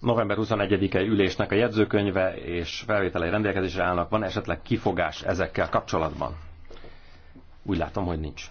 november 21-e ülésnek a jegyzőkönyve és felvételei rendelkezésre állnak. Van esetleg kifogás ezekkel kapcsolatban? Úgy látom, hogy nincs.